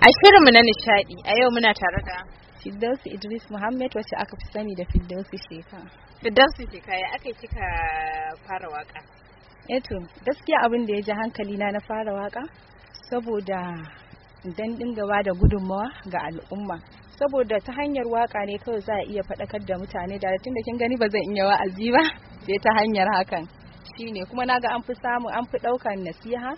A shirin mu na nishadi a yau muna tare da Fiddausi Idris Muhammad wacce aka fi sani da Fiddausi Sheka. Fiddausi Sheka ya aka kika fara waka? Eto, eh gaskiya abin da ya ji hankali na na fara waka saboda dan dingawa da gudunmawa ga al'umma saboda ta hanyar waka ne kawai za a iya faɗakar da mutane da tun da kin gani ba zan iya wa'azi ba sai ta hanyar hakan shine kuma naga an fi samu an fi ɗaukar nasiha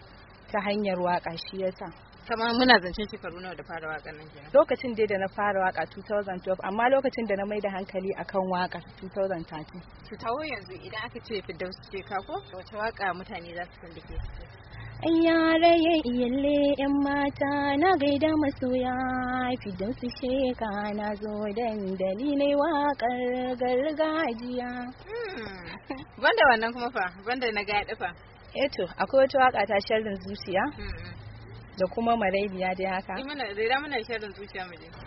ta hanyar waka shi yasa kamar muna zancen shekaru nawa da fara waƙar nan kenan. Lokacin dai da na fara waƙa 2012 amma lokacin da na mai da hankali akan waƙa 2013. Ki tawo yanzu idan aka ce Firdaus ce ka ko wace waƙa mutane za su san da ke Ayyaraye iyalle yan mata na gaida masoya ce ka na zo dan dalilai waƙar gargajiya. Hmm. Banda wannan kuma fa banda na gaɗa fa. Eto eh akwai wata waƙa ta sharrin zuciya. Hmm. da kuma maraibiya dai haka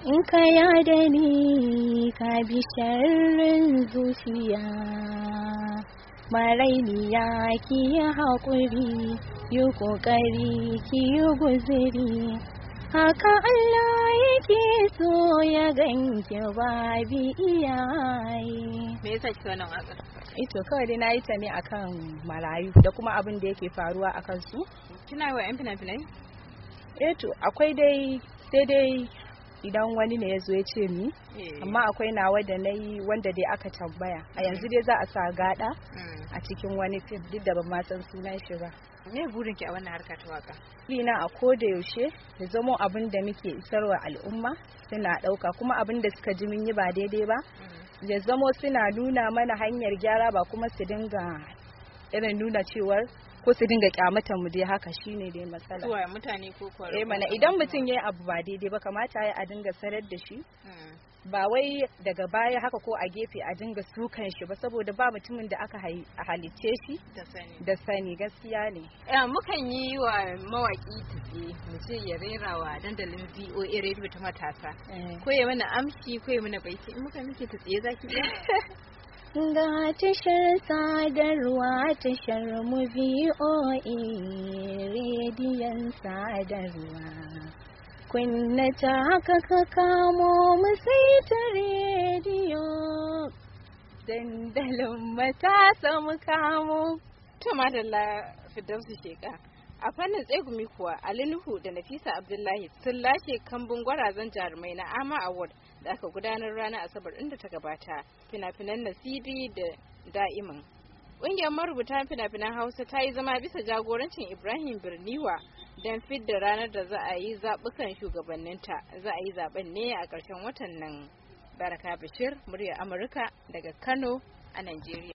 in ka da ni ka bi sharrin zuciya maraibiya ki yi haƙuri yi ƙoƙari ki yi guziri haka Allah yake so ya ganke bi iyaye me yasa kika wannan waƙar ito kawai dai yi ta ne akan marayu da kuma abin da yake faruwa akan su kina wa yan fina-finai eh to akwai dai sai dai idan wani ne ya zo ya ce mi eh. amma akwai nawa da na yi wanda dai aka tambaya a eh. yanzu dai za a sa gada hmm. a cikin wani fim duk da ban ma san sunan shi ba me burin ki a wannan harka ta waka na a koda yaushe da zamo abin da muke isarwa al'umma suna dauka kuma abin da suka ji mun yi ba daidai ba hmm. ya zamo suna nuna mana hanyar gyara ba kuma su dinga irin nuna cewar ko su dinga kyamatan mu dai haka shine dai matsala zuwa mutane ko kwaro eh mana idan mutum yayi abu ba daidai ba kamata ya a dinga sarar da shi hmm. ba wai daga baya haka ko a gefe a dinga sukan shi ba saboda ba mutumin da aka halicce shi da sani gaskiya ne mukan yi wa mawaki tafi mu ce ya rera wa dandalin VOA radio ta matasa eh. ko ya mana amshi ko ya mana baiti in muka miki tafiye zaki Ga tashar sadarwa tashar mu VOA rediyon sadarwa. Kunna ta haka ka kamo mu sai rediyo. Dandalin matasa mu kamo. Tuma A fannin tsegumi kuwa Ali Nuhu da Nafisa Abdullahi sun lashe kambun gwarazan jarumai na Ama Award da aka gudanar ranar Asabar inda ta gabata fina-finan na CD da Da'imin. Ƙungiyar marubuta fina-finan Hausa ta yi zama bisa jagorancin Ibrahim Birniwa don fidda ranar da za a yi zaɓukan shugabanninta za a yi zaɓen ne a ƙarshen watan nan. Baraka Bishir, murya Amurka daga Kano a Najeriya.